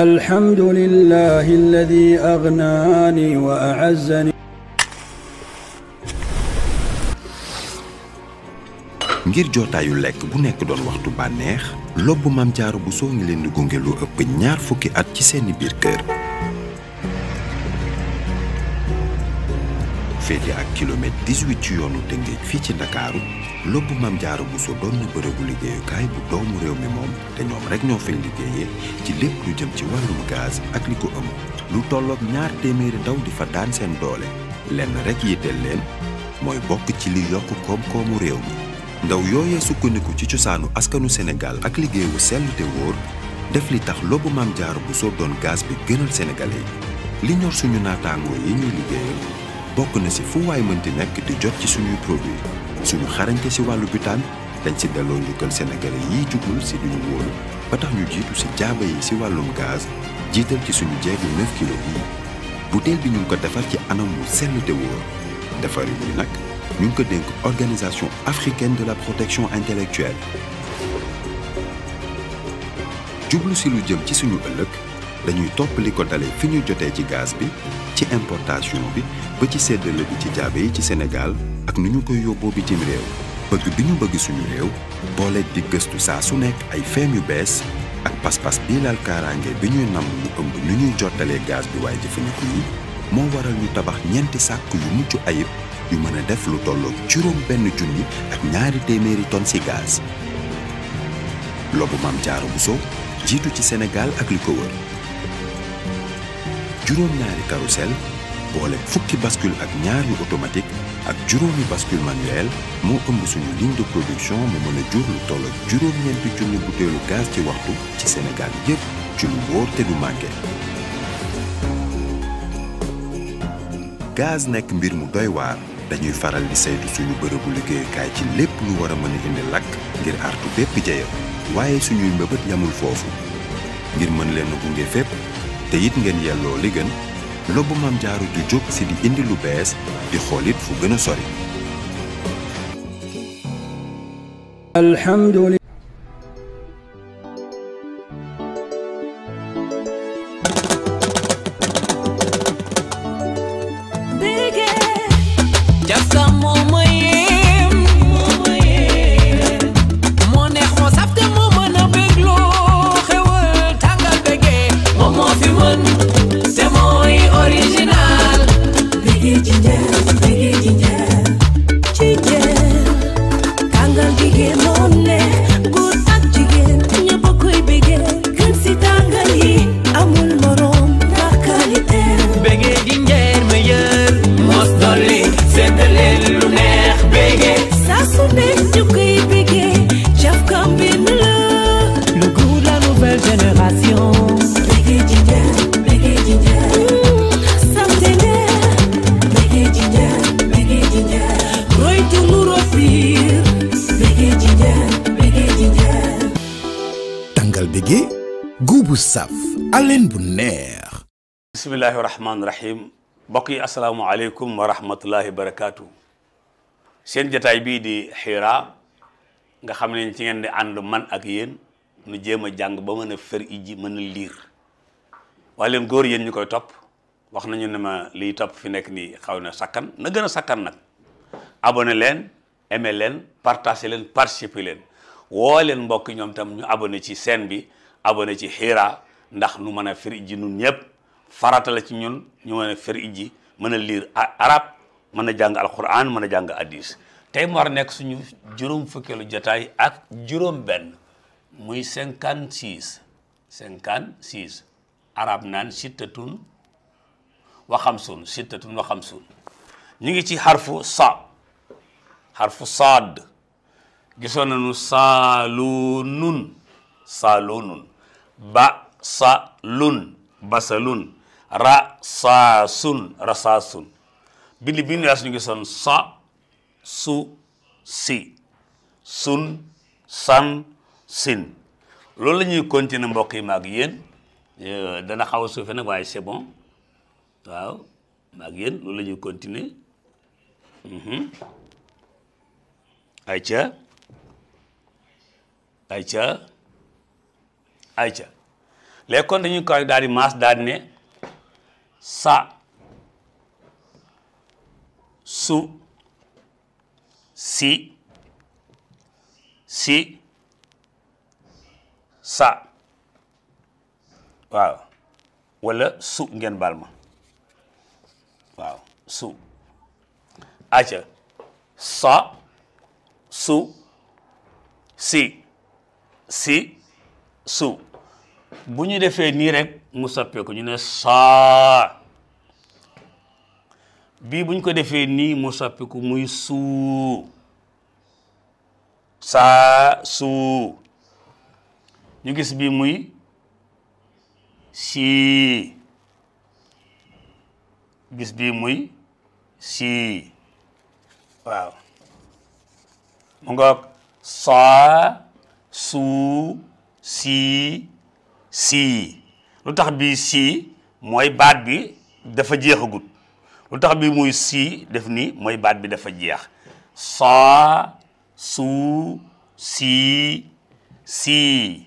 الحمد لله الذي أغناني وأعزني ngir jotaayu lekk bu nekk doon waxtu bànneex lobbu Mame bu Bousso ngi leen di gunge lu ëpp ñaar fukki at ci seeni biir kër féete ak kilomètre 18 ci yoonu Tëngéej fii ci Ndakaaru lobbu Maam Jaara Buso doon na bërëbu liggéeyukaay bu doomu réew mi moom te ñoom rek ñoo fay liggéeyee ci lépp lu jëm ci wàllum gaz ak li ko ëmb lu tollook ñaar téeméeri ndaw di fa daan seen doole lenn rek yitteel leen mooy bokk ci li yokk koom-koomu réew mi ndaw yooyee sukkandiku ci cosaanu askanu Sénégal ak liggéey wu sell te wóor def li tax lobbu Maam Jaara Buso doon gaz bi gënal sénégalais li ñor suñu naataangoo yi bokk na si fu waay mënti nekk di jot ci suñuy produit suñu xarañte si wàllu butaan dañ si delloo njukkal sénégalais yi jugul si duñu wóolu ba tax ñu jiitu si jaaba yi si wàllum gaz jiital ci suñu jeegu 9 kilo bii butéel bi ñu ngi ko defar ci anam wu sell te wóor defarin bi nag ñu ngi ko dénk organisation africaine de la protection intellectuelle jublu si lu jëm ci suñu ëllëg dañuy topp li ko dale fi ñuy jotee ci gaz bi ci importation bi ba ci séddale bi ci jaabe yi ci Sénégal ak nu ñu koy yóbboo bitim réew bëgg bi ñu bëgg suñu réew boole di gëstu saa su nekk ay feem yu bees ak pas-pas bii laal kaaraange bi ñuy nam mu ëmb nu ñuy jottalee gaz bi waaye jëfandiku yi moo waral ñu tabax ñeenti sàkk yu mucc ayib yu mën a def lu tollook juróom benn junni ak ñaari téeméeri tonnes ci gaz lobu Maam Jaara Buso jiitu ci Sénégal ak juróom-ñaari carrousel boole fukki bascule ak ñaar yu automatique ak juróomi bascule manuel moo ëmb suñu ligne de production mu mën a jur lu toll ak juróom-ñeenti junni butéelu gaz ci waxtu ci Sénégal yépp ci lu wóor te du manqué. gaz nekk mbir mu doy waar dañuy faral di saytu suñu bërëbu liggéeyukaay ci lépp lu war a mën a indi lakk ngir artu bépp jeya waaye suñuy mbëbët yamul foofu ngir mën leen a gunge fépp. te it ngeen yelloo li gën lobbu maam jaaru ju jóg si di indi lu bees di xoolit fu gën a sori bu saf alen bu neex bismillahi rahmaani yi asalaamualeykum wa rahmatullahi barakaatu seen jataay bii di xiira nga xam ne ci ngeen di ànd man ak yéen nu jéem a jàng ba mën a fer iji mën a liir waaye leen góor yéen ñu koy topp wax nañu ne ma liy topp fi nekk nii xaw na sakkan na gën a sakkan nag abonné leen aimé leen partagé leen participé leen woo leen mbokk ñoom tam ñu abonné ci seen bi abonné ci xiira ndax nu mën a firi ji nun ñëpp farata la ci ñun ñu mën a firi ji mën a liir arab mën a jàng alquran mën a jàng hadis tey mu war nekk suñu juróom fukkeelu jatay ak juróom benn muy cinquante six cinquante six arab naan sittatun wa xamsun sittatun wa xamsun ñu ngi ci xarfu sa xarfu saad gisoon nañu saaluunun saaluunun basa basalun basalun rasaasun rasaasun bindi bi ñu ngi son sa su si sun san sin loolu la ñuy continuer mbokk yi maag yéen dana xaw a suufe nag waaye c'est bon waaw maag yéen loolu la ñuy continuer mhm. ay ca léegi kon dañuy ko daal di ne sa su si si sa waaw walla su ngeen baal ma waaw su acca sa su si si su bu ñu defee nii rek mu soppeeku ñu ne saa bii bu ñu ko defee nii mu soppiku muy suu saa suu ñu gis bi muy sii gis bii muy sii waaw mu nga saa suu sii sii lu tax bii sii mooy baat bi dafa jeexagut lu tax bi muy sii def nii mooy baat bi dafa jeex saa suu sii sii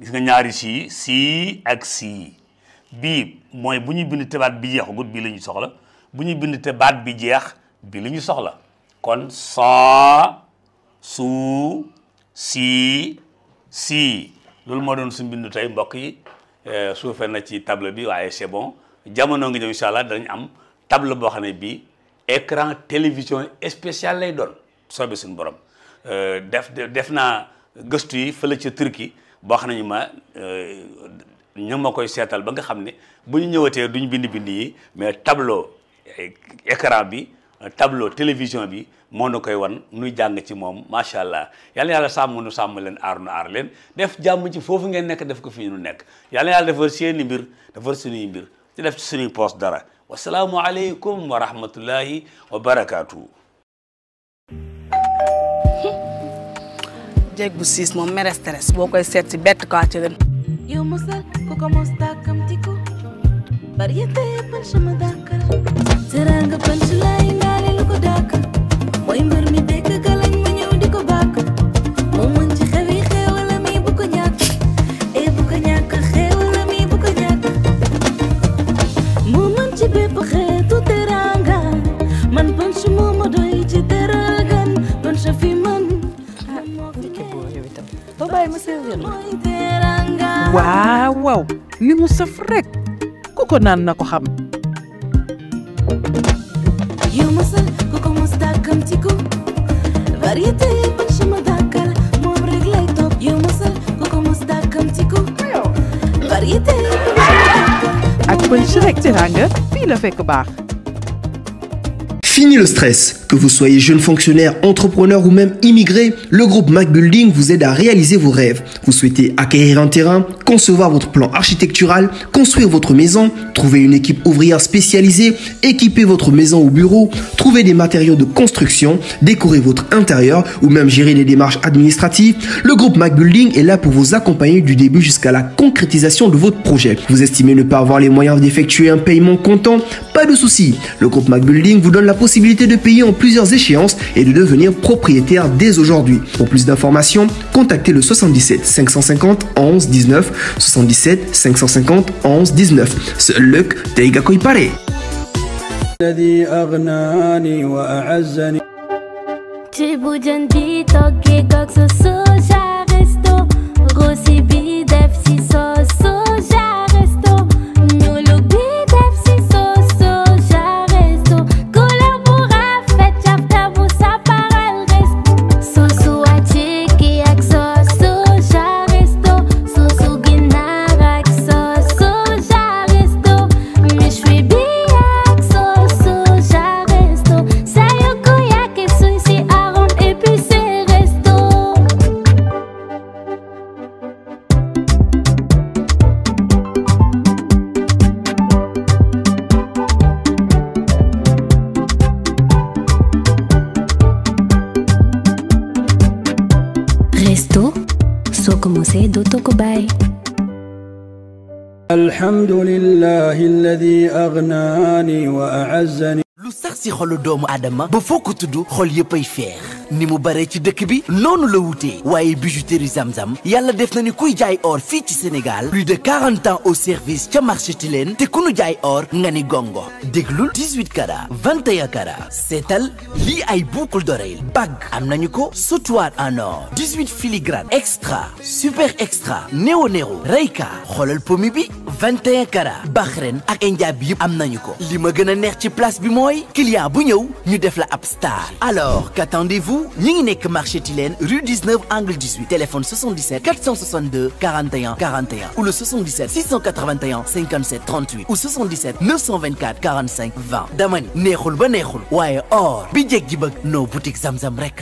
gis nga ñaari sii sii ak sii bii mooy bu ñuy bind te baat bi jeexagut bii la ñuy soxla bu ñuy bind te baat bi jeex bii soxla kon saa suu sii si loolu moo doon su mbindu tey mbokk yi eh, suufee na ci table bi waaye c'est bon jamono ngi ñëw incha allah danañ am table boo xam ne bii écran télévision spécial lay doon soobee suñu borom eh, def def naa gëstu yi fële ca Turquie boo xam ne ma eh, ñu ma koy seetal ba nga xam ne bu ñu ñëwatee duñ bind bind yi mais tableau écran bi tableau télévision bi moo nu koy wan nuy jàng ci moom macha allah yàlla yàlla sàmm nu sàmm leen aar nu aar leen def jàmm ci foofu ngeen nekk def ko fii nu nekk yàlla yàlla defar seeni mbir defar suñuy mbir ci def ci suñuy poos dara wasalaamu aleykum wa rahmatullahi wa barakaatu. bu siis moom boo koy seet si bett kaa nekkee buur yow itam doo bàyyi ma servir la waaw waaw li mu ku ko naan na ko xam yow mosal ku ko mos dàkkamtiku variété yëpp sama dàkkal moom rek lay topp yow mosal ku ko mos dàkkamtiku variété yëpp ak pënc rek teraanga fii la fekk baax Fini le stress. Que vous soyez jeune fonctionnaire, entrepreneur ou même immigré, le groupe MacBuilding vous aide à réaliser vos rêves. Vous souhaitez acquérir un terrain, concevoir votre plan architectural, construire votre maison, trouver une équipe ouvrière spécialisée, équiper votre maison ou bureau, trouver des matériaux de construction, décorer votre intérieur ou même gérer les démarches administratives. Le groupe MacBuilding est là pour vous accompagner de projet. Vous possibilité de payer en plusieurs échéances et de devenir propriétaire dès aujourd'hui. Pour plus d'informations, contactez le 77 550 11 19 77 550 11 Luc Teigakoipare. Resto sokomo se dotoko bay alhamdulillahi alladhi aghnani wa a'azzani lu sax ci xolu doomu aadama ba foo ko tudd xol yëpp ay feex ni mu bare ci dëkk bi noonu la wutee waaye bijouterie Zamzam yalla def na ni kuy jaay or fii ci Sénégal plus de 40 ans au service ca marché Tilène te ku nu jaay or nga ni gongo déglul 18 carats 21 carats seetal lii ay boucle d'oreille bag am nañu ko sautoir en or 18 filigrane extra super extra néo néo reyka xoolal pomi bi 21 carats Bahreïn ak India bi yëpp am nañu ko li ma gën a neex ci place bi mooy client bu ñëw ñu def la ab star alors ñu ñi ngi marché Tilène rue 19 angle 18 téléphone 77 462 41 41 ou le 77 681 57 38 ou 77 924 45 20 dama ni neexul ba neexul waaye or bi jeg gi bëgg noo boutique Zamzam rek.